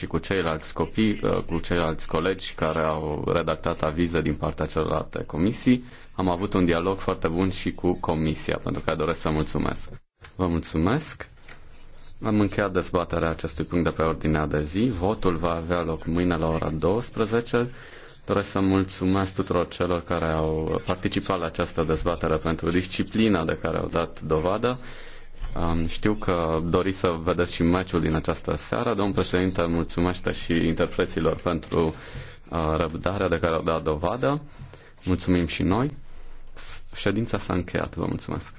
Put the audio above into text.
și cu ceilalți copii, uh, cu ceilalți colegi care au redactat avize din partea celorlalte comisii. Am avut un dialog foarte bun și cu comisia, pentru că doresc să mulțumesc. Vă mulțumesc. Am încheiat dezbaterea acestui punct de pe ordinea de zi. Votul va avea loc mâine la ora 12. Doresc să mulțumesc tuturor celor care au participat la această dezbatere pentru disciplina de care au dat dovadă. Știu că doriți să vedeți și meciul din această seară. Domn președinte mulțumește și interpreților pentru uh, răbdarea de care au dat dovadă. Mulțumim și noi. Ședința s-a încheiat. Vă mulțumesc.